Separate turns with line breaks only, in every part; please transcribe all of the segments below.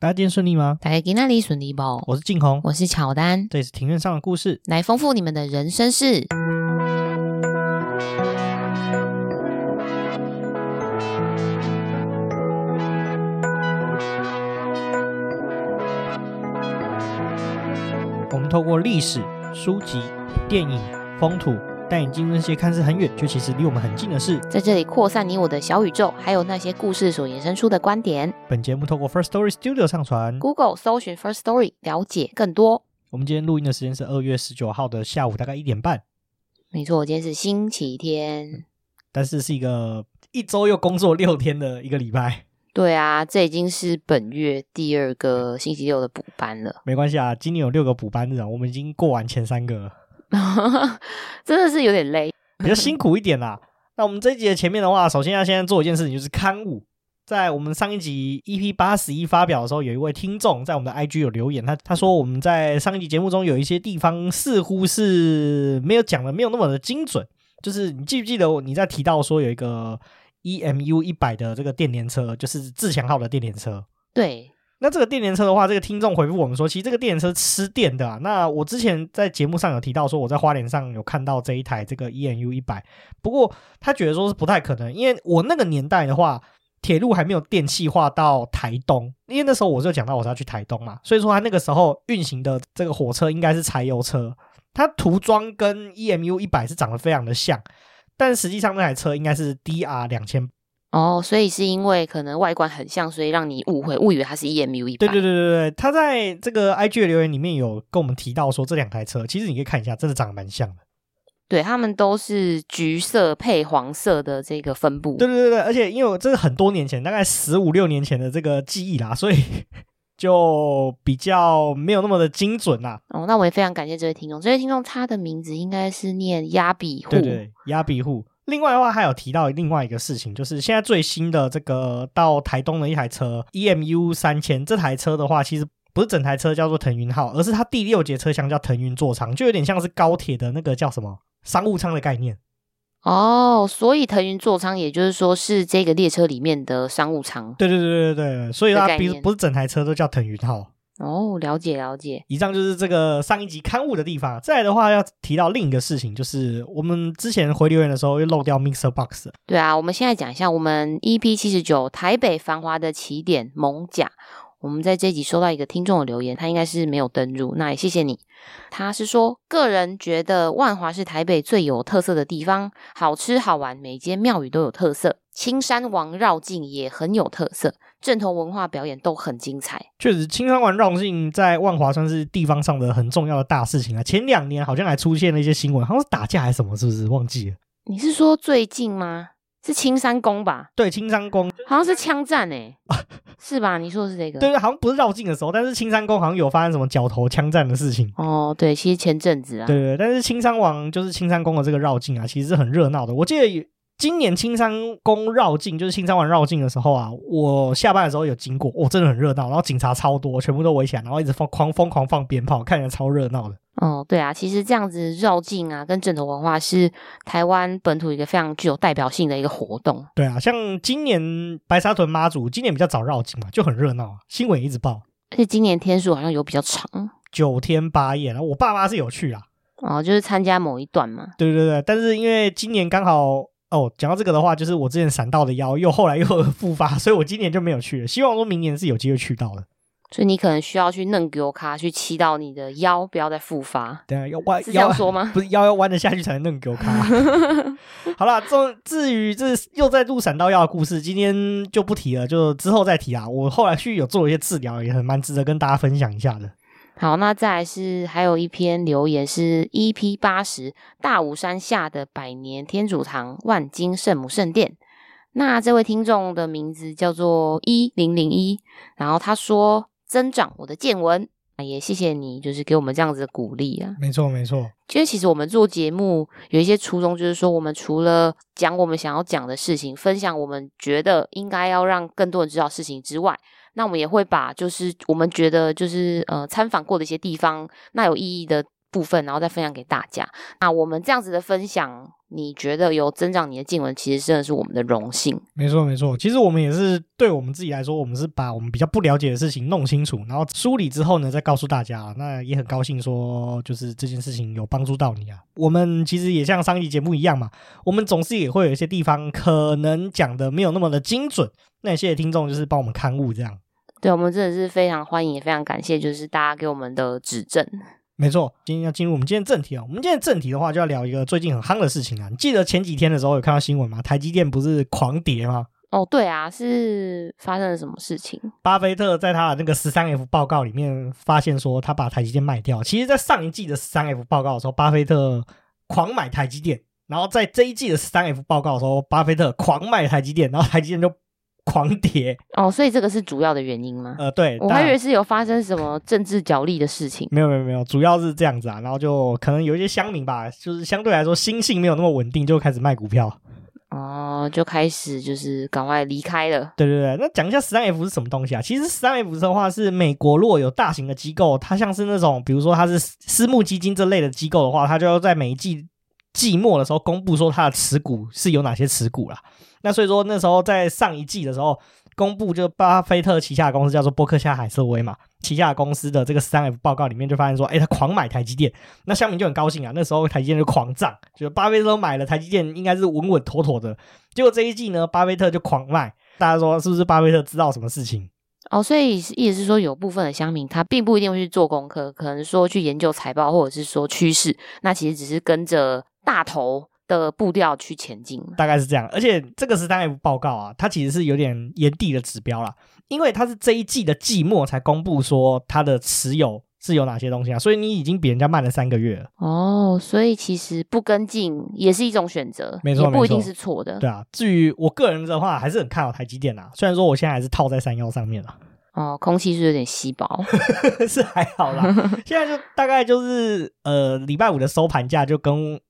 大家今天順利嗎？大家今
天裡順利不？我是晉弘，我是巧丹。這裡是庭院上的故事，來豐富你們的人生事。
我們透過歷史、書籍、電影、風土。帶你進入那些看似很遠卻其實離我們很近的事，
在這裡擴散你我的小宇宙，還有那些故事所衍生出的觀點。
本節目透過 First Story Studio 上傳
，Google 搜尋 First Story 了解更多。
我們今天錄音的時間是二月十九號的下午，大概一點半。沒錯，今天是星期天，但是是一個一週又工作六天的一個禮拜。
對啊，這已經是本月第二個星期六的補班了。
沒關係啊，今年有六個補班日啊，我們已經過完前三個了。
哈哈， 真的是有點累，
比較辛苦一點啦。那我們這一集的前面的話，首先要先做一件事情，就是勘誤。在我們上一集 EP 八十一發表的時候，有一位聽眾在我們的 IG 有留言，他他說我們在上一集節目中有一些地方似乎是沒有講的，沒有那麼的精準。就是你記不記得你在提到說有一個 EMU 一百的這個電聯車，就是自強號的電聯車？對。那這個電聯車的話，這個聽眾回復我們說，其實這個電聯車是吃電的啊。那我之前在節目上有提到說，我在花蓮上有看到這一台這個 EMU 一百，100, 不過他覺得說是不太可能，因為我那個年代的話，鐵路還沒有電氣化到台東，因為那時候我就講到我是要去台東嘛，所以說他那個時候運行的這個火車應該是柴油車，它塗裝跟 EMU 一百是長得非常的像，但實際上那台車應該是 DR 兩千。
哦，oh, 所以是因為可能外觀很像，所以讓你誤會誤以為它是 EMU。對
對對對對，他在這個 IG 的留言裡面有跟我們提到說，這兩台車其實你可以看一下，真的長得蠻像的。
對，他們都是橘色配黃色的這
個分布。對對對對，而且因為我這是很多年前，大概十五六年前的這個記憶啦，所以就比較沒有那麼的精準啦。
哦，oh, 那我也非常感謝這位,這位聽眾，這位聽眾他的名字應該是念壓比戶。對,對對，
壓比戶。另外的話，還有提到另外一個事情，就是現在最新的這個到台東的一台車 EMU 三千這台車的話，其實不是整台車叫做騰雲號，而是它第六節車廂叫騰雲座艙，就有點像是高鐵的那個叫什麼商務艙的概念。
哦，oh, 所以騰雲座艙，也就是說是這個列車裡面的商務艙。
對對對對對，所以它比如不是整台車都叫騰雲號。哦，了解了解。以上就是這個上一集刊物的地方。再來的話，要提到另一個事情，就是我們之前回留言的時候，又漏掉 Mixer Box。
對啊，我們現在講一下我們 EP 七十九台北繁華的起點艋舺。我們在這集收到一個聽眾的留言，他應該是沒有登入，那也謝謝你。他是說，個人覺得萬華是台北最有特色的地方，好吃好玩，每間廟宇都有特色，青山王繞境也很有特色。陣頭文化表演都很精
彩，確實。青山王繞境在萬華算是地方上的很重要的大事情啊。前兩年好像還出現了一些新聞，好像是打架還是什麼，是不是忘記了？
你是說最近嗎？是青山宮吧？對，青山宮好像是槍戰誒、欸、 是吧？你說的是這個？對對，好
像不是繞境的時候，但是青山宮好像有發生什麼角頭槍戰的事情。哦，對，其實前陣子啊，對對，但是青山王就是青山宮的這個繞境啊，其實是很熱鬧的。我記得。今年青山宮繞境，就是青山王繞境的時候啊，我下班的時候有經過，我、哦、真的很熱鬧，然後警察超多，全部都圍起來，然後一直放狂瘋狂放鞭炮，看起來超熱鬧的。
哦，對啊，其實這樣子繞境啊，跟陣頭文化是台灣本土一個非常具有代表性的一個
活動。對啊，像今年白沙屯媽祖，今年比較早繞境嘛，就很熱鬧啊，新聞也一直報，
而且今年天數好像有比較長，
九天八夜，然後我爸媽是有去啊，
哦，就是參加某一段嘛。
對對對，但是因為今年剛好。哦，講到這個的話，就是我之前閃到的腰又後來又復發，所以我今年就沒有去了。希望說明年是有機會去到了。
所以你可能需要去弄 yoga，去祈禱你的腰不要再復發。對啊，要彎腰說
嗎？腰不是腰要彎的下去才能弄 yoga。 好了，這至於這又在錄閃到腰的故事，今天就不提了，就之後再提啊。我後來去有做一些治療，也很蠻值得跟大家分享一下的。
好，那再來是還有一篇留言是 “EP80 大武山下的百年天主堂萬金聖母聖殿”。那這位聽眾的名字叫做一零零一，然後他說：“增長我的見聞，啊，也謝謝你，就是給我們這樣子的鼓勵啊。沒”
沒錯，沒錯。
其實其實我們做節目有一些初衷，就是說我們除了講我們想要講的事情，分享我們覺得應該要讓更多人知道事情之外。那我們也會把，就是我們覺得就是呃參訪過的一些地方，那有意義的部分，然後再分享給大家。那、啊、我們這樣子的分享，你覺得有增長你的見聞，其實真的是我們的榮幸。
沒錯，沒錯。其實我們也是對我們自己來說，我們是把我們比較不了解的事情弄清楚，然後梳理之後呢，再告訴大家。那也很高興說，就是這件事情有幫助到你啊。我們其實也像上一集節目一樣嘛，我們總是也會有一些地方可能講的沒有那麼的精準。那謝謝聽眾，就是幫我們勘誤這樣。對，我們真
的是非常歡迎，也非常感謝，就是大家給我們的指正。
沒錯，今天要進入我們今天的正題啊。我們今天的正題的話，就要聊一個最近很夯的事情啊。你記得前幾天的時候有看到新聞嗎？台積電不是狂跌嗎？
哦，對啊，是發生了什麼事情？
巴菲特在他的那個十三 F 報告裡面發現說，他把台積電賣掉。其實，在上一季的十三 F 報告的時候，巴菲特狂買台積電；然後在這一季的十三 F 報告的時候，巴菲特狂賣台積電，然後台積電就。狂跌
哦，oh, 所以這個是主要的原因嗎？呃，對，我還以為是
有發生什麼政治角力的事情。沒有沒有沒有，主要是這樣子啊，然後就可能有一些鄉民吧，就是相對來說心性沒有那麼穩定，就開始賣股票，哦，oh, 就開始就是趕快離開了。對對對，那講一下十三 F 是什麼東西啊？其實十三 F 的話是美國若有大型的機構，它像是那種比如說它是私募基金這類的機構的話，它就要在每一季季末的時候公布說它的持股是有哪些持股啦。那所以說，那時候在上一季的時候公布，就巴菲特旗下的公司叫做波克夏海瑟薇嘛，旗下的公司的這個 13F 報告裡面就發現說，哎，他狂買台積電。那鄉民就很高興啊，那時候台積電就狂漲，就巴菲特都買了台積電，應該是穩穩妥妥的。結果這一季呢，巴菲特就狂賣，大家說是不是巴菲特知道什麼事情？
哦，所以意思是說，有部分的鄉民他並不一定會去做功課，可能說去研究財報或者是說趨勢，那其實只是跟着大頭的步調去前進，
大概是這樣。而且這個是三月報告啊，它其實是有點延遲的指標啦，因為它是這一季的季末才公布說它的持有是有哪些東西啊，所以你已經比人家慢了三個月哦，
所以其實不跟進也是一種選擇，沒錯錯，不一定是錯的。對啊，
至於我個人的話，還是很看好台積電啊，雖然說我現在還是套在山腰上面了。哦，空氣是有點稀薄， 是還好啦。現在就大概就是呃，禮拜五的收盤價就跟。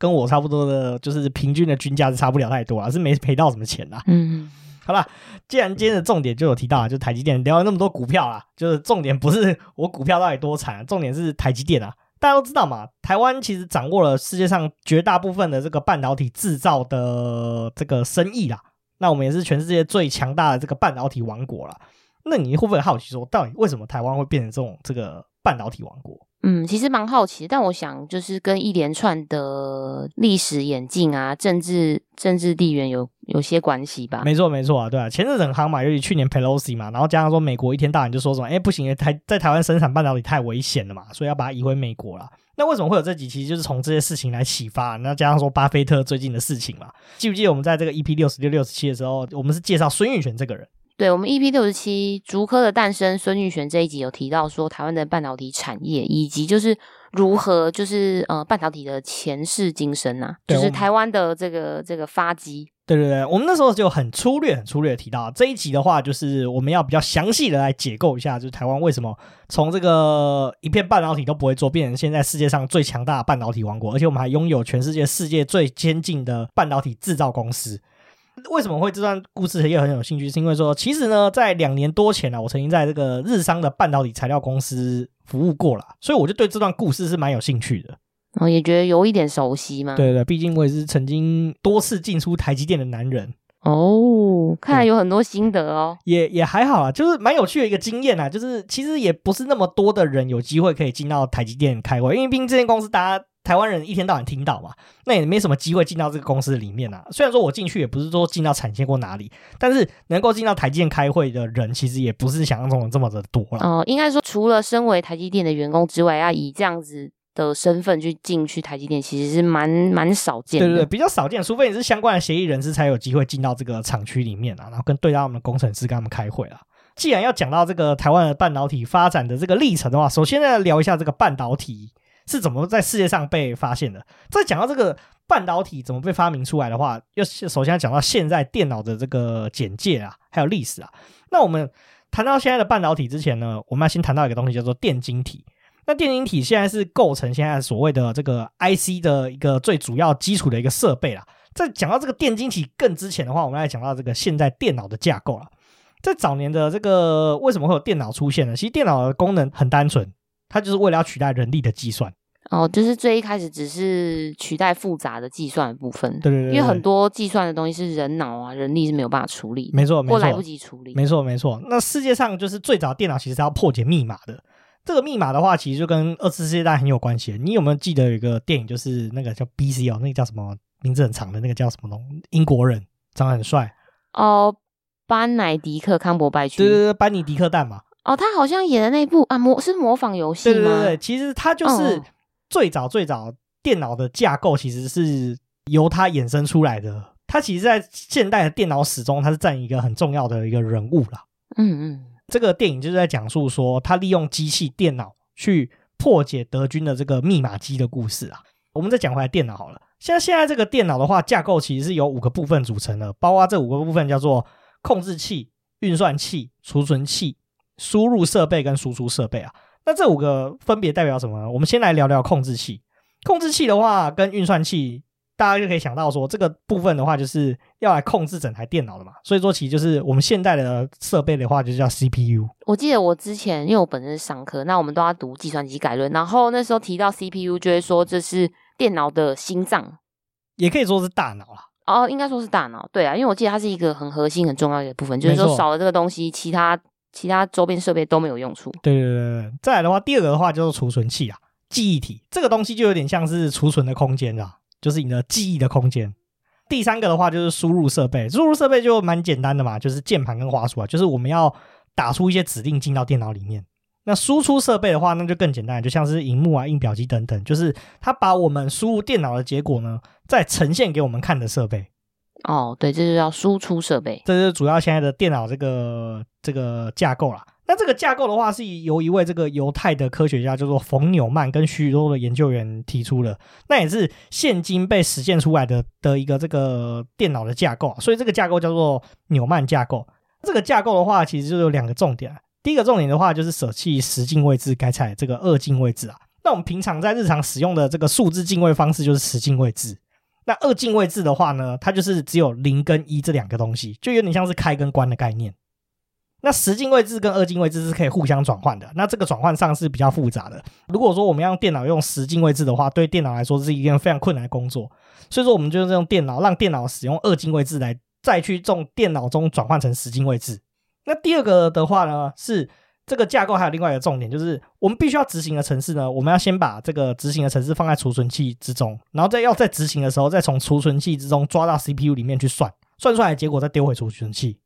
跟我差不多的，就是平均的均價是差不了太多啊，是沒賠到什麼錢啊。嗯，好吧，既然今天的重點就有提到，就台積電，你聊了那麼多股票啦，就是重點不是我股票到底多慘啊，重點是台積電啊。大家都知道嘛，台灣其實掌握了世界上絕大部分的這個半導體制造的這個生意啦，那我們也是全世界最強大的這個半導體王國啦。那你會不會好奇說，到底為什麼台灣會變成這種這個半導體王國？
嗯，其實蠻好奇，但我想就是跟一連串的歷史演進啊、政治、政治地緣有有些關係吧。沒
錯，沒錯啊，對啊，前陣子很夯嘛，尤其去年 Pelosi 嘛，然後加上說美國一天到晚就說什麼，哎，不行，在台在台灣生產半導體太危險了嘛，所以要把它移回美國了。那為什麼會有這幾期？就是從這些事情來啟發、啊。那加上說巴菲特最近的事情嘛，記不記得我們在這個 EP 六十六、六十七的時候，我們是介紹孫運璿這個人。
對，我們 E P 六十七竹科的誕生，孫運璿這一集有提到說，台灣的半導體產業，以及就是如何就是呃半導體的前世今生啊，對就是台灣的這個這個發跡，
對對對，我們那時候就很粗略、很粗略地提到這一集的話，就是我們要比較詳細的來解構一下，就是台灣為什麼從這個一片半導體都不會做，變成現在世界上最強大的半導體王國，而且我們還擁有全世界世界最先進的半導體製造公司。為什麼會這段故事也很有興趣？是因為說，其實呢，在兩年多前呢、啊，我曾經在這個日商的半導體材料公司服務過了，所以我就對這段故事是蠻有興趣的。哦，也覺得有一點熟悉嘛。對，對對，畢竟我也是曾經多次進出台積電的男人哦。看來有很多心得哦。嗯、也也還好啊，就是蠻有趣的一個經驗啊。就是其實也不是那麼多的人有機會可以進到台積電開會，因為畢竟這間公司大家。台灣人一天到晚聽到嘛，那也沒什麼機會進到這個公司裡面啊。雖然說我進去也不是說進到產線過哪裡，但是能夠進到台積電開會的人，其實也不是想象中的這麼的多了。
哦、呃，應該說除了身為台積電的員工之外，要以這樣子的身份去進去台積電，其實是蠻蠻少見的。對對對，比
較少見，除非你是相關的協議人士，才有機會進到這個廠區裡面啊，然後跟對待他們的工程師跟他們開會啊。既然要講到這個台灣的半導體發展的這個歷程的話，首先呢，聊一下這個半導體。是怎麼在世界上被發現的？在講到這個半導體怎麼被發明出來的話，要首先要講到現在電腦的這個簡介啊，還有歷史啊。那我們談到現在的半導體之前呢，我們要先談到一個東西，叫做電晶體。那電晶體現在是構成現在所謂的這個 IC 的一個最主要基礎的一個設備了。在講到這個電晶體更之前的話，我們要講到這個現在電腦的架構了。在早年的這個為什麼會有電腦出現呢？其實電腦的功能很單純，它就是為了要取代人力的計算。
哦，就是最一開始只是取代複雜的計算的部
分，對對對，對，因為很多
計算的東西是人腦啊，人力是沒有辦法處理沒，沒錯，沒過來不及處理沒，沒錯
沒錯。那世界上就是最早電腦其實是要破解密碼的，這個密碼的話其實就跟二次世界大戰很有關係。你有沒有記得有一個電影，就是那個叫 B C 哦、喔，那個叫什麼名字很長的那個叫什麼東西英國人，長得很帥哦、呃，班奈狄克康柏拜區，對對對，班尼迪克蛋嘛，
哦，他好像演的那一部啊模是模仿遊戲，對，對對對，其
實他就是。哦最早最早，電腦的架構其實是由它衍生出來的。它其實，在現代的電腦史中，它是占一個很重要的一個人物啦。嗯嗯，這個電影就是在講述說，它利用機器電腦去破解德軍的這個密碼機的故事啊。我們再講回來電腦好了，像現在這個電腦的話，架構其實是由五個部分組成的，包括這五個部分叫做控制器、運算器、儲存器、輸入設備跟輸出設備啊。那這五個分別代表什麼呢？我們先來聊聊控制器。控制器的話，跟運算器，大家就可以想到說，這個部分的話，就是要來控制整台電腦的嘛。所以說，其實就是我們現代的設備的話，就叫 CPU。
我記得我之前因為我本身是上課，那我們都要讀計算機概論，然後那時候提到 CPU，就會說這是電腦的心臟，也可以說是大腦了。哦，應該說是大腦，對啊，因為我記得它是一個很核心、很重要的一個部分，就是說少了這個東西，其他。其他周邊設備都
沒有用處。對對對對，再來的話，第二個的話就是儲存器啊，記憶體，這個東西就有點像是儲存的空間啦、啊，就是你的記憶的空間。第三個的話就是輸入設備，輸入設備就蠻簡單的嘛，就是鍵盤跟滑鼠啊，就是我們要打出一些指令進到電腦裡面。那輸出設備的話，那就更簡單，就像是熒幕啊、印表機等等，就是它把我們輸入電腦的結果呢，再呈現給我們看的設備。哦，對，這就叫輸出設備，這是主要現在的電腦這個這個架構啦，那這個架構的話，是由一位這個猶太的科學家叫做馮·紐曼跟許多的研究員提出的。那也是現今被實現出來的的一個這個電腦的架構啊，所以這個架構叫做紐曼架構。這個架構的話，其實就有兩個重點。第一個重點的話，就是捨棄十進位制，改採這個二進位制啊。那我們平常在日常使用的這個數字進位方式，就是十進位制。那二進位置的話呢，它就是只有零跟一這兩個東西，就有點像是開跟關的概念。那十進位置跟二進位置是可以互相轉換的，那這個轉換上是比較複雜的。如果說我們要用電腦用十進位置的話，對電腦來說是一件非常困難的工作，所以說我們就是用電腦讓電腦使用二進位置來再去從電腦中轉換成十進位置。那第二個的話呢是。這個架構還有另外一個重點，就是我們必須要執行的程式呢，我們要先把這個執行的程式放在儲存器之中，然後再要在執行的時候，再從儲存器之中抓到 CPU 裡面去算，算出來的結果再丟回儲存器。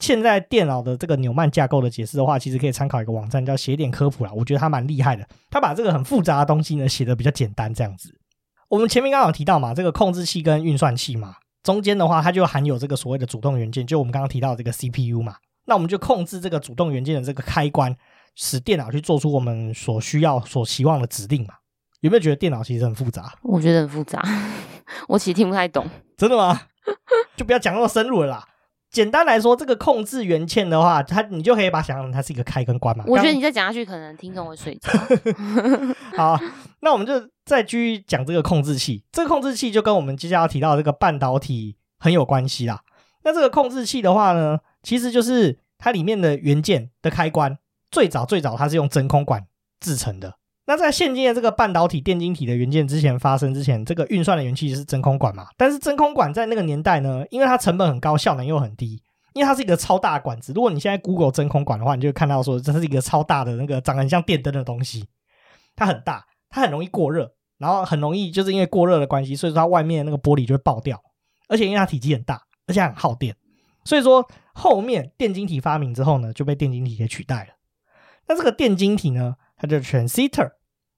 現在電腦的這個紐曼架構的解釋的話，其實可以參考一個網站，叫寫點科普啦，我覺得他蠻厲害的，他把這個很複雜的東西呢寫得比較簡單這樣子。我們前面剛好提到嘛，這個控制器跟運算器嘛，中間的話它就含有這個所謂的主動元件，就我們剛剛提到的這個 CPU 嘛。那我們就控制這個主動元件的這個開關，使電腦去做出我們所需要、所期望的指令嘛。有沒有覺得電腦其實很複雜？我覺得很複雜， 我其實聽不太懂。真的嗎？就不要講那麼深入了啦。簡單來說，這個控制元件的話，它你就可以把想象它是一個開跟關嘛。我覺得你
再講下去，可能聽我的睡着。
好、啊，那我們就再繼續講這個控制器。這個控制器就跟我們接下來要提到的這個半導體很有關係啦。那這個控制器的話呢？其實就是它裡面的元件的開關，最早最早它是用真空管制成的。那在現今的這個半導體電晶體的元件之前發生之前，這個運算的元器就是真空管嘛。但是真空管在那個年代呢，因為它成本很高，效能又很低，因為它是一個超大的管子。如果你現在 Google 真空管的話，你就會看到說這是一個超大的那個長得很像電燈的東西，它很大，它很容易過熱，然後很容易就是因為過熱的關係，所以說它外面那個玻璃就會爆掉，而且因為它體積很大，而且很耗電，所以說。後面電晶體發明之後呢，就被電晶體給取代了。那這個電晶體呢，它就 transistor，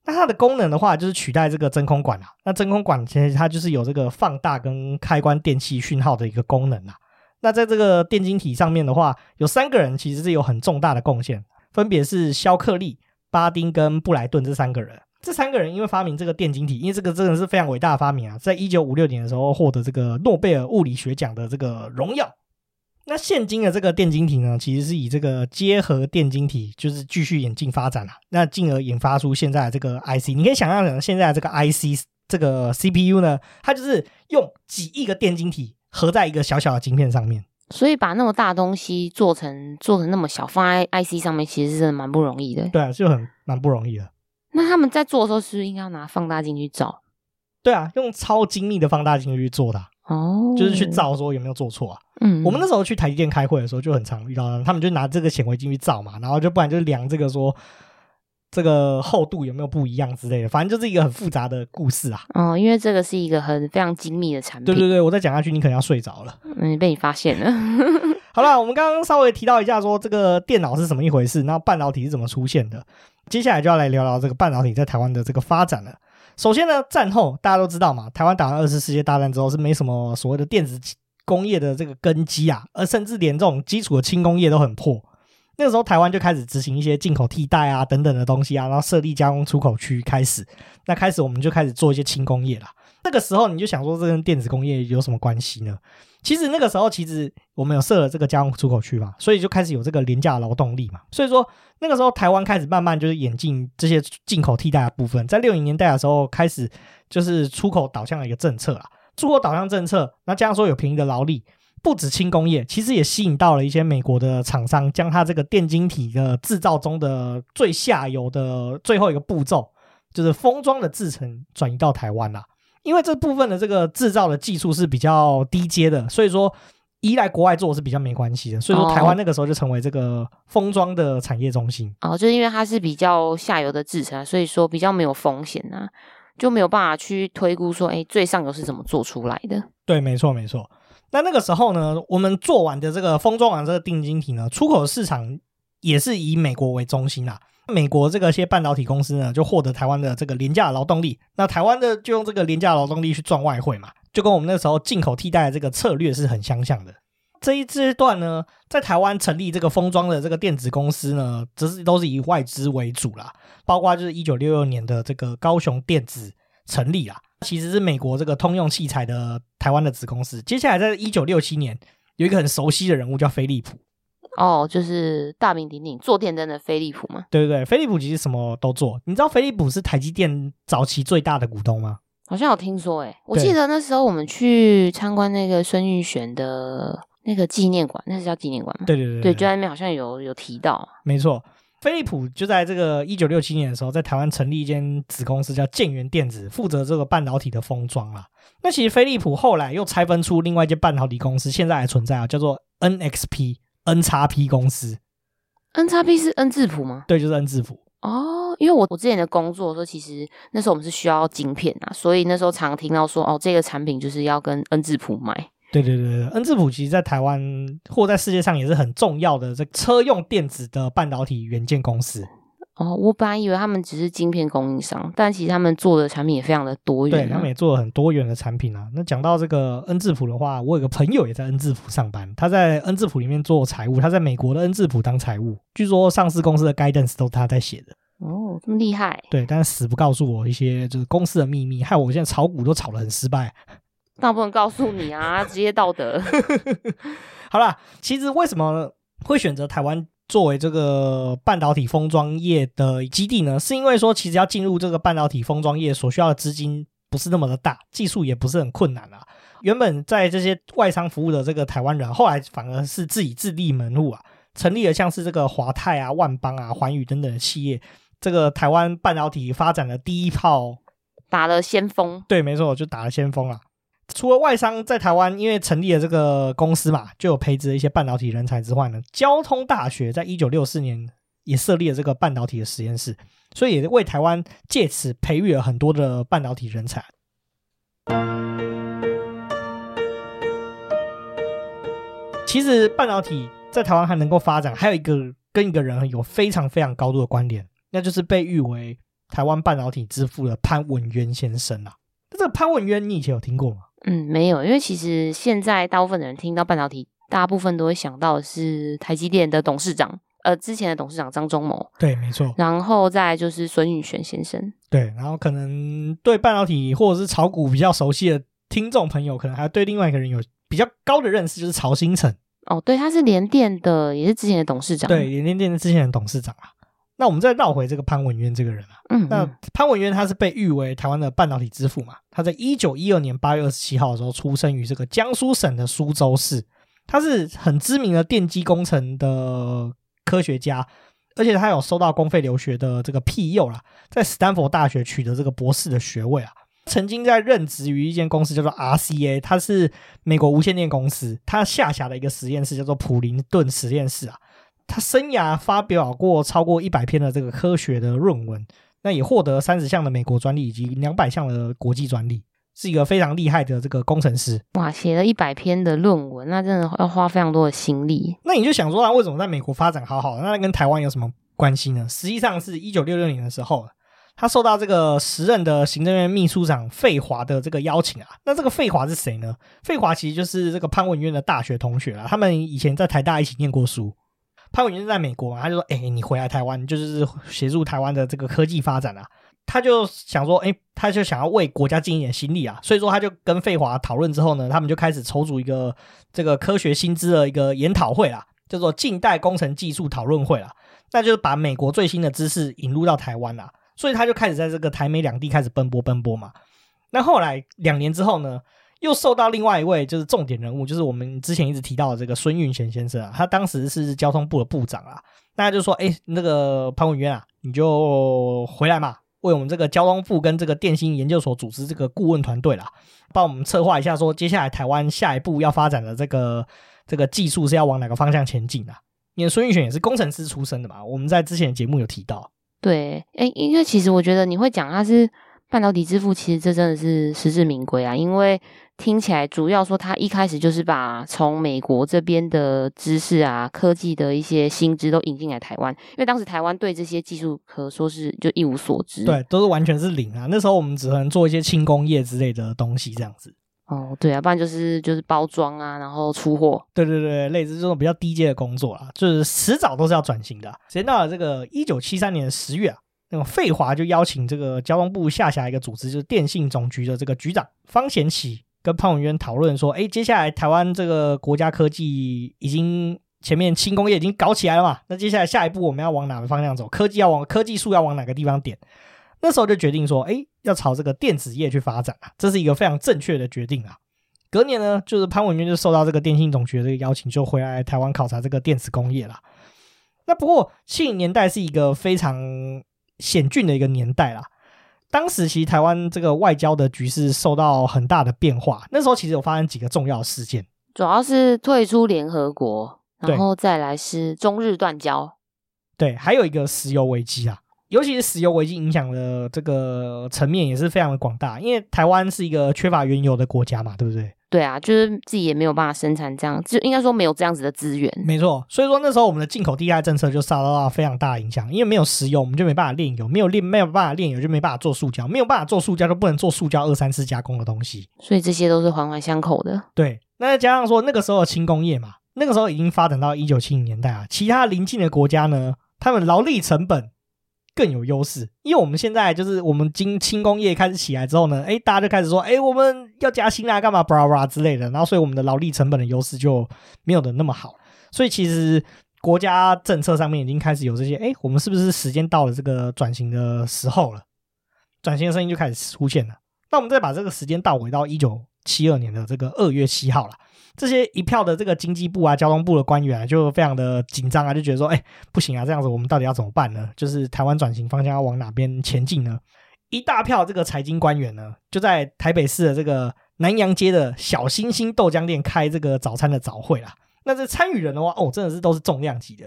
那它的功能的話，就是取代這個真空管啊。那真空管其實它就是有這個放大跟開關電氣訊號的一個功能啊。那在這個電晶體上面的話，有三個人其實是有很重大的貢獻，分別是肖克利、巴丁跟布萊頓這三個人。這三個人因為發明這個電晶體，因為這個真的是非常偉大的發明啊，在一九五六年的時候獲得這個諾貝爾物理學獎的這個榮耀。那現今的這個電晶體呢，其實是以這個結合電晶體，就是繼續演進發展啦，那進而引發出現在這個 IC，你可以想象成現在這個 IC 這個 CPU 呢，它就是用幾億個電晶體合在一個小小的晶片上面。
所以把那麼大東西做成做成那麼小，放在 IC 上面，其實是蠻
不容易的。對啊，就很，蠻不容易的。
那他們在做的時候，是不是應該要拿放大鏡去找？
對啊，用超精密的放大鏡去做的啊。哦，oh, 就是去照說有沒有做錯啊？嗯，我們那時候去台積電開會的時候就很常遇到，他們就拿這個顯微鏡去照嘛，然後就不然就量這個說這個厚度有沒有不一樣之類的，反正就是一個很複雜的故事啊。
哦，oh, 因為這個是一個很非常精密的產品。對對
對，我再講下去，你可能要睡着了。嗯，被你發現了。 好啦，我們剛剛稍微提到一下說這個電腦是什麼一回事，那半導體是怎麼出現的？接下來就要來聊聊這個半導體在台灣的這個發展了。首先呢，戰後大家都知道嘛，台灣打了二次世界大戰之後是沒什麼所謂的電子工業的這個根基啊，而甚至連這種基礎的輕工業都很破。那個時候，台灣就開始執行一些進口替代啊等等的東西啊，然後設立加工出口區開始，那開始我們就開始做一些輕工業啦。那個時候你就想說這跟電子工業有什麼關係呢？其實那個時候其實我們有設了這個加工出口區嘛，所以就開始有這個廉價勞動力嘛。所以說那個時候台灣開始慢慢就是引進這些進口替代的部分，在六零年代的時候開始就是出口導向的一個政策啦。出口導向政策，那加上說有便宜的勞力，不止輕工業，其實也吸引到了一些美國的廠商將它這個電晶體的製造中的最下游的最後一個步驟，就是封裝的製程轉移到台灣了。因為這部分的這個製造的技術是比較低階的，所以說依賴國外做是比較沒關係的。所以說台灣那個時候就成為這個封裝的產業中心哦，哦，
就是因為它是比較下游的製程，所以說比較沒有風險啊，就沒有辦法去推估說，哎，最上游是怎麼做出來的？
對，沒錯，沒錯。那那個時候呢，我們做完的這個封裝完這個定晶體呢，出口市場也是以美國為中心啦，啊。美國這個些半導體公司呢，就獲得台灣的這個廉價勞動力，那台灣的就用這個廉價勞動力去賺外匯嘛，就跟我們那時候進口替代的這個策略是很相像的。這一階段呢，在台灣成立這個封裝的這個電子公司呢，則是都是以外資為主啦，包括就是一九六六年的這個高雄電子成立啦，其實是美國這個通用器材的台灣的子公司。接下來在一九六七年，有一個很熟悉的人物叫飛利浦。
哦，oh, 就是大名鼎鼎做電燈的飛利浦嘛，
對對對，飛利浦其實什麼都做。你知道飛利浦是台積電早期最大的股東嗎？
好像有聽說誒、欸，對我記得那時候我們去參觀那個孫運璇的那個紀念館，那是叫紀念館嗎？對對，對對對，對，就在那邊，好像有有提到。
沒錯，飛利浦就在這個一九六七年的時候，在台灣成立一間子公司叫建元電子，負責這個半導體的封裝啦。那其實飛利浦後來又拆分出另外一間半導體公司，現在還存在啊，叫做 NXP。NXP 公司
，NXP 是恩智
浦嗎？對，就是恩智浦。
哦，oh, 因為我我之前的工作說，所以其實那時候我們是需要晶片啊，所以那時候常聽到說，哦，這個產品就是要跟恩智浦買。
對對對對，恩智浦其實，在台灣或在世界上也是很重要的這車用電子的半導體元件公司。
哦，我本來以為他們只是晶片供應商，但其實他們做的產品也非常的多元啊。對，他
們也做了很多元的產品啊。那講到這個恩智浦的話，我有個朋友也在恩智浦上班，他在恩智浦裡面做財務，他在美國的恩智浦當財務，據說上市公司的 guidance 都是他在寫的。哦，這麼厲害。對，但是死不告訴我一些就是公司的秘密，害我現在炒股都炒得很失敗。
那不能告訴你啊， 職業道德。
好啦，其實為什麼會選擇台灣？作為這個半導體封裝業的基地呢，是因為說其實要進入這個半導體封裝業所需要的資金不是那麼的大，技術也不是很困難啊。原本在這些外商服務的這個台灣人，後來反而是自己自立門戶啊，成立了像是這個華泰啊、萬邦啊、環宇等等的企業。這個台灣半導體發展的第一炮，打了先鋒。對，沒錯，我就打了先鋒啊。除了外商在台灣因為成立了這個公司嘛，就有培植了一些半導體人才之外呢，交通大學在一九六四年也設立了這個半導體的實驗室，所以也為台灣借此培育了很多的半導體人才。其實半導體在台灣還能夠發展，還有一個跟一個人有非常非常高度的關聯，那就是被譽為台灣半導體之父的潘文淵先生啊。那這個潘文淵你以前有聽過嗎？
嗯，沒有，因為其實現在大部分的人聽到半導體，大部分都會想到的是台積電的董事長，呃，之前的董事長張忠謀。對，沒錯。然後再來就是孫運璿先生。
對，然後可能對半導體或者是炒股比較熟悉的聽眾朋友，可能還對另外一個人有比較高的認識，就是曹興誠。
哦，對，他是聯電的，也是之前的董事長。對，
聯電電的之前的董事長啊。那我們再繞回這個潘文淵這個人啊，嗯嗯。那潘文淵他是被譽為台灣的半導體之父嘛？他在一九一二年八月二十七號的時候出生於這個江蘇省的蘇州市，他是很知名的電機工程的科學家，而且他有收到公費留學的這個庇佑啦，在斯坦福大學取得這個博士的學位啊，曾經在任職於一間公司叫做 RCA，他是美國無線電公司，他下轄的一個實驗室叫做普林頓實驗室啊。他生涯發表過超過一百篇的這個科學的論文，那也獲得三十項的美國專利以及兩百項的國際專利，是一個非常厲害的這個工程師。
哇，寫了一百篇的論文，那真的要花非常多的心力。
那你就想說啊，他為什麼在美國發展好好，那跟台灣有什麼關係呢？實際上是一九六六年的時候，他受到這個時任的行政院秘書長費華的這個邀請啊。那這個費華是誰呢？費華其實就是這個潘文淵的大學同學啊，他們以前在台大一起念過書。他文淵是在美國嘛、啊，他就說，誒、欸、你回來台灣，就是協助台灣的這個科技發展啊。他就想說，誒、欸、他就想要為國家盡一點心力啊，所以說他就跟費華討論之後呢，他們就開始籌組一個這個科學新知的一個研討會啦，叫做近代工程技術討論會啦。那就是把美國最新的知識引入到台灣啦、啊，所以他就開始在這個台美兩地開始奔波奔波嘛。那後來兩年之後呢？又受到另外一位就是重點人物，就是我們之前一直提到的這個孫運璿先生啊，他當時是交通部的部長啊，大家就說，哎、欸，那個潘文淵啊，你就回來嘛，為我們這個交通部跟這個電信研究所組織這個顧問團隊啦，幫我們策劃一下，說接下來台灣下一步要發展的這個這個技術是要往哪個方向前進啊？因為孫運璿也是工程師出身的嘛，我們在之前的節目有提到，
對，哎、欸，因為其實我覺得你會講他是。半導體之父，其實這真的是實至名歸啊！因為聽起來主要說他一開始就是把從美國這邊的知識啊、科技的一些新知都引進來台灣，因為當時台灣對這些技術可說是就一無所知，對，
都是完全是零啊。那時候我們只能做一些輕工業之類的東西，這樣子。哦，對啊，不然就是就是包裝啊，然後出貨。對對對，類似這種比較低階的工作啊，就是遲早都是要轉型的啊。時間到了這個一九七三年十月啊。費驊就邀請這個交通部下轄一個組織，就是電信總局的這個局長方賢齊，跟潘文淵討論說：“哎、欸，接下來台灣這個國家科技已經前面輕工業已經搞起來了嘛，那接下來下一步我們要往哪個方向走？科技要往科技樹，要往哪個地方點？”那時候就決定說：“哎、欸，要朝這個電子業去發展啊，這是一個非常正確的決定啊。”隔年呢，就是潘文淵就受到這個電信總局的這個邀請，就回來台灣考察這個電子工業了。那不過七零年代是一個非常。險峻的一個年代啦，當時其實台灣這個外交的局勢受到很大的變化。那時候其實有發生幾個重要事件，主要是退出
聯合國，然後再來是中日斷交。對，
對，還有一個石油危機啊，尤其是石油危機影響的這個層面也是非常的廣大，因為台灣是一個缺乏原油的國家嘛，對不對？
對啊，就是自己也沒有辦法生產這樣，就應該說
沒有這樣子的資源。沒錯，所以說那時候我們的進口替代政策就受到了非常大的影響，因為沒有石油，我們就沒辦法煉油，沒有煉沒有辦法煉油，就沒辦法做塑膠，沒有辦法做塑膠就不能做塑膠二三次加工的東西。
所以這些都是環環相扣的。
對，那再加上說那個時候的輕工業嘛，那個時候已經發展到一九七零年代啊，其他鄰近的國家呢，他們勞力成本更有優勢，因為我們現在就是我們經輕工業開始起來之後呢，誒，大家就開始說，誒，我們要加薪啦，啊，幹嘛巴拉巴拉之類的，然後所以我們的勞力成本的優勢就沒有的那麼好，所以其實國家政策上面已經開始有這些，誒，我們是不是時間到了這個轉型的時候了？轉型的聲音就開始出現了。那我們再把這個時間倒回到一九。七二年的這個二月七號啦，這些一票的這個經濟部啊、交通部的官員，啊、就非常的緊張啊，就覺得說，哎、欸，不行啊，這樣子我們到底要怎麼辦呢？就是台灣轉型方向要往哪邊前進呢？一大票這個財經官員呢，就在台北市的這個南陽街的小星星豆漿店開這個早餐的早會啦。那這參與人的話，哦，真的是都是重量級的，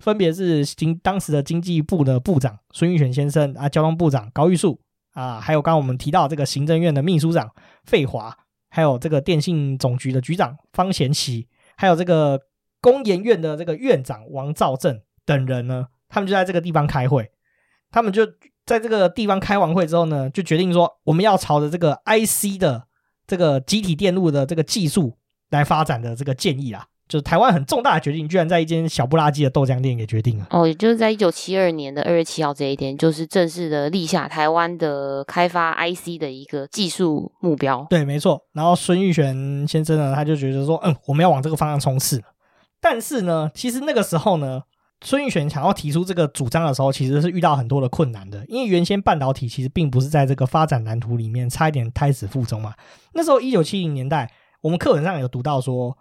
分別是經當時的經濟部的部長孫運璿先生啊，交通部長高玉樹啊，還有剛剛我們提到這個行政院的秘書長費驊。還有這個電信總局的局長方賢齊，還有這個工研院的這個院長王兆正等人呢，他們就在這個地方開會。他們就在這個地方開完會之後呢，就決定說我們要朝着這個 IC 的這個積體電路的這個技術來發展的這個建議啊。就是台灣很重大的決定，居然在一間小不拉幾的豆漿店給決定
了。哦，也就是在一九七二年的二月七號這一天，就是正式的立下台灣的開發 IC 的一個技術
目標。對，沒錯。然後孫運璿先生呢，他就覺得說，嗯，我們要往這個方向衝刺。但是呢，其實那個時候呢，孫運璿想要提出這個主張的時候，其實是遇到很多的困難的，因為原先半導體其實並不是在這個發展藍圖裡面，差一點胎死腹中嘛。那時候一九七零年代，我們課本上有讀到說。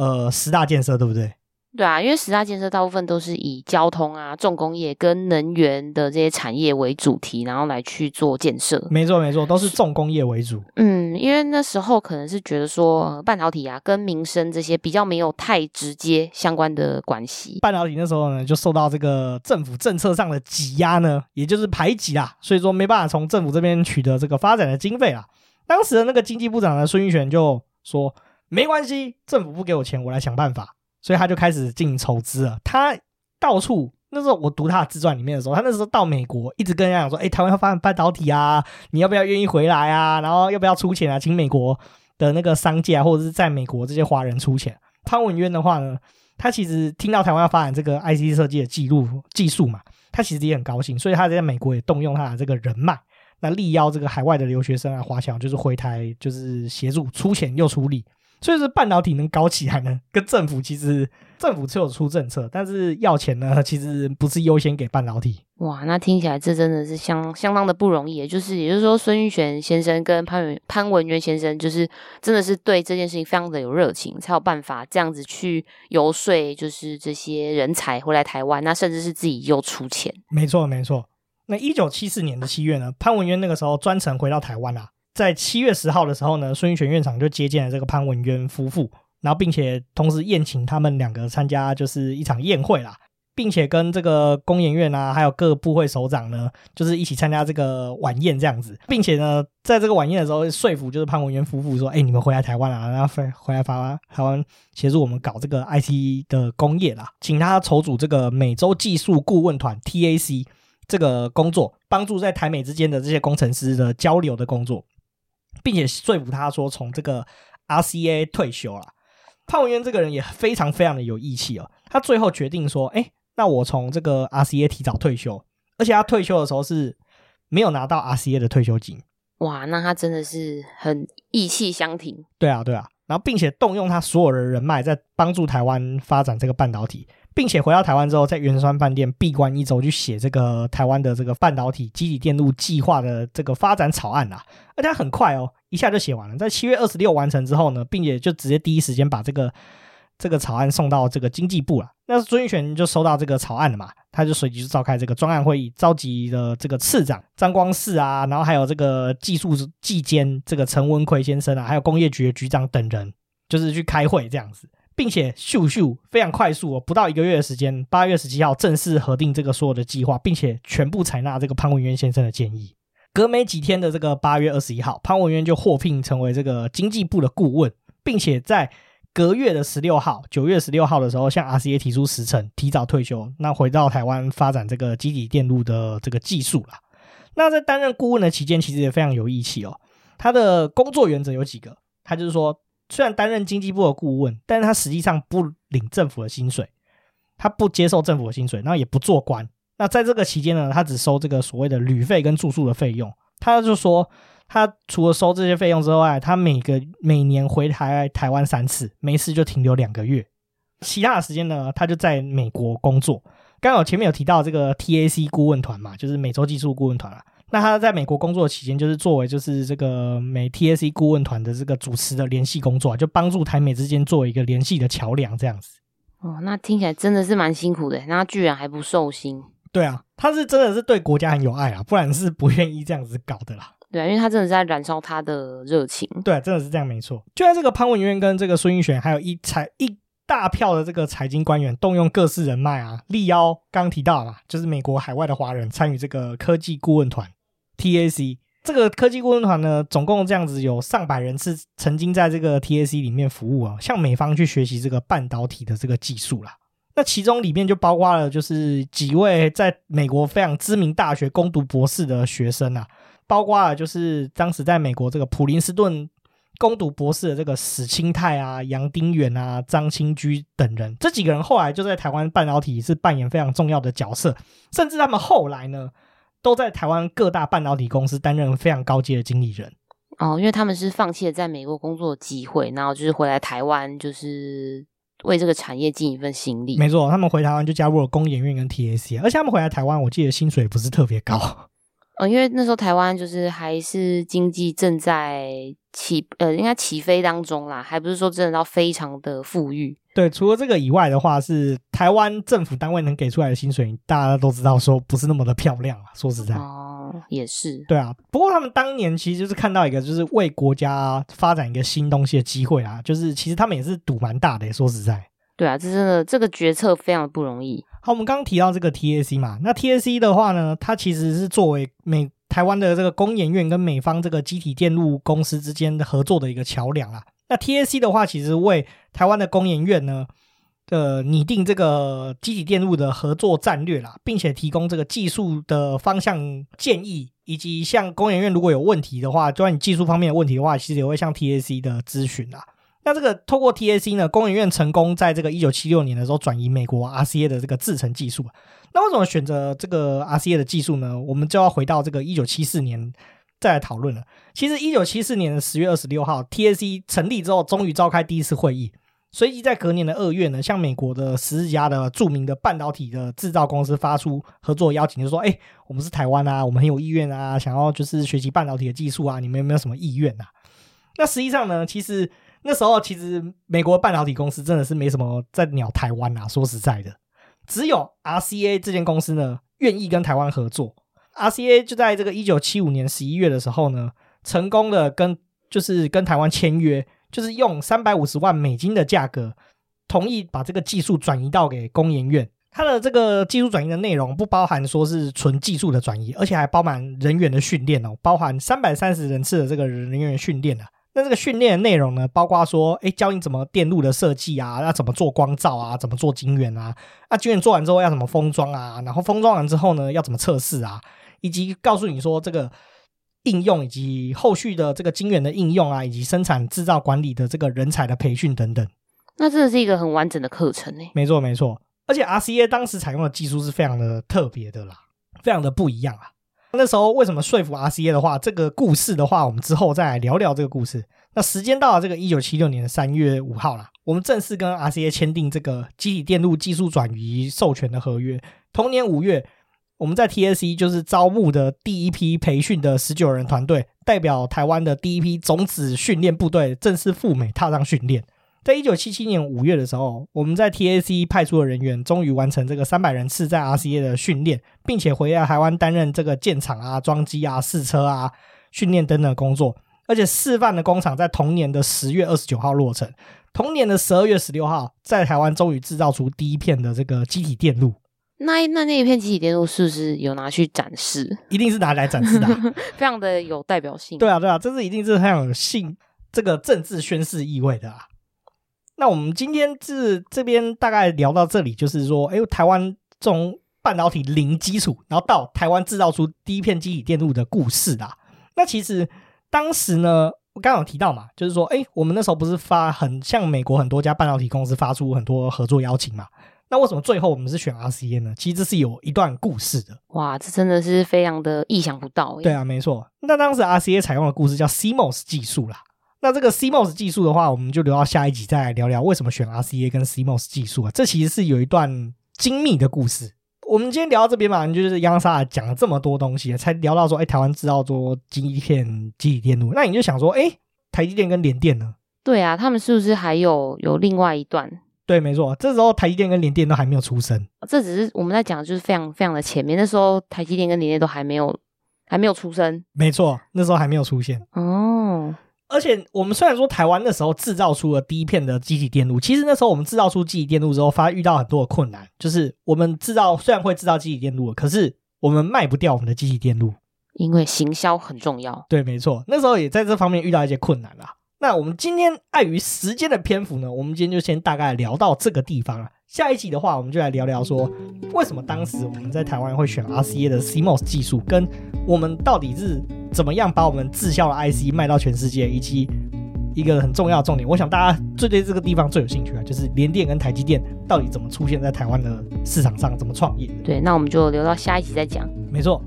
呃，十大建設對不對？
對啊，因為十大建設大部分都是以交通啊、重工業跟能源的這些產業為主題，然後來去做建設。
沒錯，沒錯，都是重工業為主。
嗯，因為那時候可能是覺得說半導體啊跟民生這些比較沒有太直接相關的關係。
半導體那時候呢，就受到這個政府政策上的擠壓呢，也就是排擠啦，所以說沒辦法從政府這邊取得這個發展的經費啊。當時的那個經濟部長呢，孫運璿就說。沒關係，政府不給我錢，我來想辦法。所以他就開始進行籌資了。他到處那時候我讀他的自傳裡面的時候，他那時候到美國，一直跟人家講說：“哎、欸，台灣要發展半導體啊，你要不要願意回來啊？然後要不要出錢啊？請美國的那個商界啊，或者是在美國這些華人出錢。”潘文淵的話呢，他其實聽到台灣要發展這個 IC 設計的記錄技術嘛，他其實也很高興，所以他在美國也動用他的這個人脈，那力邀這個海外的留學生啊、華僑，就是回台，就是協助出錢又出力。所以是半導體能搞起來呢，跟政府其實政府只有出政策，但是要錢呢，它其實不是優先給半導體。
哇，那聽起來這真的是相相當的不容易。就是也就是說，孫運璿先生跟潘文潘文淵先生，就是真的是對這件事情非常的有熱情，才有辦法這樣子去游說，就是這些人才回來台灣，那甚至是自己又出錢。
沒錯，沒錯。那一九七四年的七月呢，潘文淵那個時候專程回到台灣啊。在七月十號的時候呢，孫運璿院長就接見了這個潘文淵夫婦，然後並且同時宴請他們兩個參加，就是一場宴會啦，並且跟這個工研院啊，還有各個部會首長呢，就是一起參加這個晚宴這樣子，並且呢，在這個晚宴的時候，說服就是潘文淵夫婦說，哎、欸，你們回來台灣了、啊，然後回回來台灣台灣協助我們搞這個 IC 的工業啦，請他籌組這個美洲技術顧問團 TAC 這個工作，幫助在台美之間的這些工程師的交流的工作。並且說服他說，從這個 RCA 退休了。潘文淵這個人也非常非常的有義氣哦，他最後決定說，誒，那我從這個 RCA 提早退休，而且他退休的時候是沒有拿到 RCA 的退休金。
哇，那他真的是很義氣相挺。
對啊，對啊。然後，並且動用他所有的人脈，在幫助台灣發展這個半導體，並且回到台灣之後，在圓山飯店閉關一周，去寫這個台灣的這個半導體積體電路計劃的這個發展草案啊，而且很快哦，一下就寫完了。在七月二十六完成之後呢，並且就直接第一時間把這個。這個草案送到這個經濟部了，那是孫運璿就收到這個草案了嘛？他就隨即就召開這個專案會議，召集了這個次長張光世啊，然後還有這個技術技監這個陳文奎先生啊，還有工業局的局長等人，就是去開會這樣子，並且咻咻非常快速，不到一個月的時間，八月十七號正式核定這個所有的計劃，並且全部採納這個潘文淵先生的建議。隔沒幾天的這個八月二十一號，潘文淵就獲聘成為這個經濟部的顧問，並且在。隔月的十六號，九月十六號的時候，向 RCA 提出辭呈，提早退休，那回到台灣發展這個積體電路的這個技術啦。那在擔任顧問的期間，其實也非常有義氣哦。他的工作原則有幾個，他就是說，雖然擔任經濟部的顧問，但是他實際上不領政府的薪水，他不接受政府的薪水，然後也不做官。那在這個期間呢，他只收這個所謂的旅費跟住宿的費用。他就說。他除了收這些費用之外，他每個每年回台台灣三次，每次就停留兩個月，其他的時間呢，他就在美國工作。剛好前面有提到這個 TAC 顧問團嘛，就是美洲技術顧問團啊。那他在美國工作的期間，就是作為就是這個美 TAC 顧問團的這個主持的聯繫工作，就幫助台美之間做一個聯繫的橋梁這樣子。
哦，那聽起來真的是蠻辛苦的，那他居然還不受薪？
對啊，他是真的是對國家很有愛啊，不然是不願意這樣子搞的啦。
對、啊、因為他真的是在燃燒他的
熱情。對、啊，真的是這樣，沒錯。就在這個潘文淵跟這個孫運璿，還有一財一大票的這個財經官員，動用各式人脈啊，力邀。剛提到啦，就是美國海外的華人參與這個科技顧問團 TAC。這個科技顧問團呢，總共這樣子有上百人次曾經在這個 TAC 裡面服務啊，向美方去學習這個半導體的這個技術啦。那其中裡面就包括了，就是幾位在美國非常知名大學攻讀博士的學生啊。包括就是當時在美國這個普林斯頓攻讀博士的這個史清泰啊、楊丁元啊、張清居等人，這幾個人後來就在台灣半導體是扮演非常重要的角色，甚至他們後來呢，都在台灣各大半導體公司擔任非常高階的經理人。哦，因為
他們是放棄了在美國工作的機會，然後就是回來台灣，就是為這個產業盡一份心力。沒錯，
他們回台灣就加入了工研院跟 TAC，而且他們回來台灣，我記得薪水不是特別高。哦
哦，因為那時候台灣就是還是經濟正在起，呃，應該起飛當中啦，還不是說真的到非常的富裕。
對，除了這個以外的話，是台灣政府單位能給出來的薪水，大家都知道說不是那麼的漂亮啊，說實在。哦，也是。對啊，不過他們當年其實就是看到一個就是為國家發展一個新東西的機會啊，就是其實他們也是賭蠻大的欸，說實在。
對啊，這真的這個決策非常不容易。
好，我們剛剛提到這個 TAC 嘛，那 TAC 的話呢，它其實是作為美台灣的這個工研院跟美方這個積體電路公司之間的合作的一個橋樑啦。那 TAC 的話，其實為台灣的工研院呢的、呃、擬定這個積體電路的合作戰略啦，並且提供這個技術的方向建議，以及像工研院如果有問題的話，就算你技術方面的問題的話，其實也會向 TAC 的諮詢啊。那這個透過 TAC 呢，工研院成功在這個一九七六年的時候轉移美國 RCA 的這個製程技術。那為什麼選擇這個 RCA 的技術呢？我們就要回到這個一九七四年再來討論了。其實一九七四年的十月二十六號，TAC 成立之後，終於召開第一次會議。隨即在隔年的二月呢，向美國的十四家的著名的半導體的製造公司發出合作邀請，就是說：“哎、欸，我們是台灣啊，我們很有意願啊，想要就是學習半導體的技術啊，你們有沒有什麼意願啊？”那實際上呢，其實。那時候其實美國半導體公司真的是沒什麼在鳥台灣啊，說實在的，只有 RCA 這間公司呢願意跟台灣合作。RCA 就在這個一九七五年十一月的時候呢，成功的跟就是跟台灣簽約，就是用三百五十萬美金的價格，同意把這個技術轉移到給工研院。它的這個技術轉移的內容不包含說是純技術的轉移，而且還包含人員的訓練哦，包含三百三十人次的這個人員訓練啊。那這個訓練的內容呢，包括說，誒教你怎麼電路的設計啊，要怎麼做光罩啊，怎麼做晶圓啊，那、啊、晶圓做完之後要怎麼封裝啊，然後封裝完之後呢，要怎麼測試啊，以及告訴你說這個應用以及後續的這個晶圓的應用啊，以及生產製造管理的這個人才的培訓等等。那這是一個很完整的課程呢。沒錯，沒錯，而且 RCA 當時採用的技術是非常的特別的啦，非常的不一樣啊。那時候為什麼說服 RCA 的話，這個故事的話，我們之後再來聊聊這個故事。那時間到了，這個一九七六年的三月五號啦，我們正式跟 RCA 簽訂這個積體電路技術轉移授權的合約。同年五月，我們在 TSE 就是招募的第一批培訓的十九人團隊，代表台灣的第一批種子訓練部隊，正式赴美踏上訓練。在一九七七年五月的時候，我們在 TAC 派出的人員終於完成這個三百人次在 RCA 的訓練，並且回來台灣擔任這個建廠啊、裝機啊、試車啊、訓練等等的工作。而且示範的工廠在同年的十月二十九號落成，同年的十二月十六號，在台灣終於製造出第一片的這個積體電路。
那那那一片積體電路是不是有拿去
展示？一定是拿來展示
的，啊， 非常的有代表性。對
啊，對啊，這是一定是非常有性這個政治宣示意味的啊。那我們今天是這邊大概聊到這裡，就是說，哎、欸，台灣從半導體零基礎，然後到台灣製造出第一片積體電路的故事啦。那其實當時呢，我剛剛有提到嘛，就是說，哎、欸，我們那時候不是發很像美國很多家半導體公司發出很多合作邀請嘛？那為什麼最後我們是選 RCA 呢？其實這是有一段故事的。哇，這真的
是非常的意想不到。
對啊，沒錯。那當時 RCA 採用的故事叫 CMOS 技術啦。那這個 CMOS 技術的話，我們就留到下一集再來聊聊為什麼選 RCA 跟 CMOS 技術啊？這其實是有一段精密的故事。我們今天聊到這邊嘛，就是洋洋灑灑講了這麼多東西，才聊到說，誒，台灣製造做晶片、積體電路。那你就想說，哎，台積電跟聯電呢？
對啊，他們是不是還有有另外一段？
對，沒錯，這時候台積電跟聯電都還沒有出生。
這只是我們在講的，就是非常非常的前面，那時候台積電跟聯電都還沒有，還沒有出生。
沒錯，那時候還沒有出現。哦。而且，我們雖然說台灣那時候制造出了第一片的積體電路。其實那時候我們製造出積體電路之後，發現遇到很多的困難，就是我們製造雖然會製造積體電路，可是我們賣不掉我們的積體電路，因為行銷很重要。對，沒錯，那時候也在這方面遇到一些困難啦。那我們今天礙於時間的篇幅呢，我們今天就先大概聊到這個地方了。下一集的話，我們就來聊聊說為什麼當時我們在台灣會選 RCA 的 CMOS 技術，跟我們到底是怎麼樣把我們滯銷的 IC 賣到全世界，以及一個很重要的重點，我想大家最對，對這個地方最有興趣啊，就是聯電跟台積電到底怎麼出現在台灣的市場上，怎麼創業。
對，那我們就留到下一集再講。
沒錯。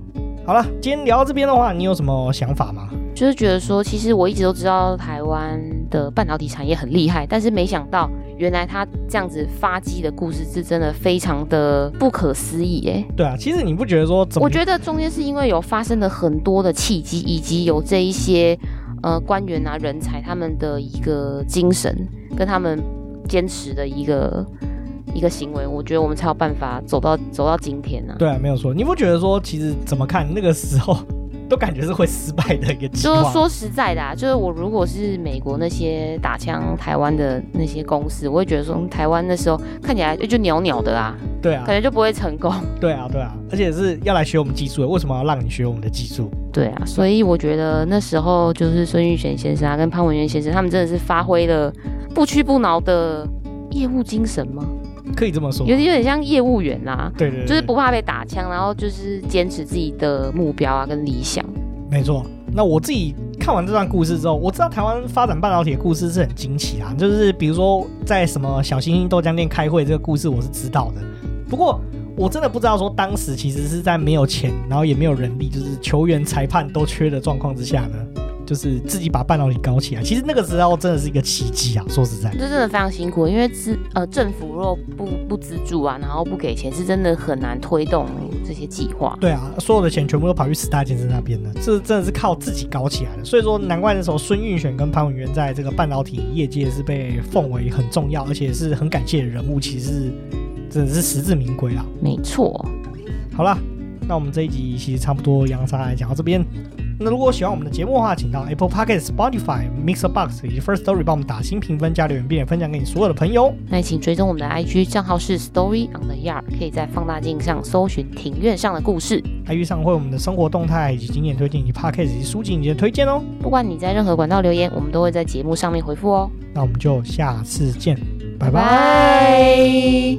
好了，今天聊到這邊的話，你有什麼想法嗎？
就是覺得說，其實我一直都知道台灣的半導體產業很厲害，但是沒想到原來他這樣子發跡的故事是真的非常的不可思議誒、欸，
對啊，其實你不覺得說？我覺
得中間是因為有發生了很多的契機，以及有這一些呃官員啊、人才他們的一個精神跟他們堅持的一個一個行為，我覺得我們才有辦法走到走到今天呢、啊。對
啊，沒有錯，你不覺得說，其實怎麼看那個時候？有感覺是會失敗的一個，就是說
實在的啊，就是我如果是美國那些打槍台灣的那些公司，我會覺得說台灣那時候看起來就裊裊的啊。對啊，感覺就不會成功。
對啊對啊，而且是要來學我們技術的，為什麼要讓你學我們的技術？對啊，所
以我覺得那時候就是孫玉璇先生啊跟潘文淵先生他們真的是發揮了不屈不撓的業務精神嗎？
可以這麼說，有
點有點像業務員啊。對對，對對，就是不怕被打槍，然後就是堅持自己的目標啊跟理想。
沒錯，那我自己看完這段故事之後，我知道台灣發展半導體的故事是很驚奇啊，就是比如說在什麼小欣欣豆漿店開會這個故事我是知道的，不過我真的不知道說當時其實是在沒有錢，然後也沒有人力，就是球員、裁判都缺的狀況之下呢。就是自己把半導體搞起來，其實那個時候真的是一個奇蹟啊！說實在，
這真的非常辛苦，因為呃政府若不不資助啊，然後不給錢，是真的很難推動這些計劃。對啊，
所有的錢全部都跑去十大建設那邊了，這真的是靠自己搞起來的。所以說，難怪那時候孫運璿跟潘文淵在這個半導體業界是被奉為很重要，而且是很感謝的人物，其實真的是實至名歸啊。沒錯。好了，那我們這一集其實差不多，楊沙來講到這邊。那如果喜歡我們的節目的話，請到 Apple Podcast、Spotify、Mixer Box、以及 First Story 幫我們打新評分、加留言，並且分享給你所有的朋友。那也請追蹤我們的 IG
賬號是 Story on the Yard，可以在放大鏡上搜尋庭院上的故事。
IG 上會有我們的生活動態以及經驗推薦以及 Podcast 及書籍的一些推薦哦。不管
你在任何管道留言，我們都會在節目上面回復哦。
那我們就下次見，拜
拜。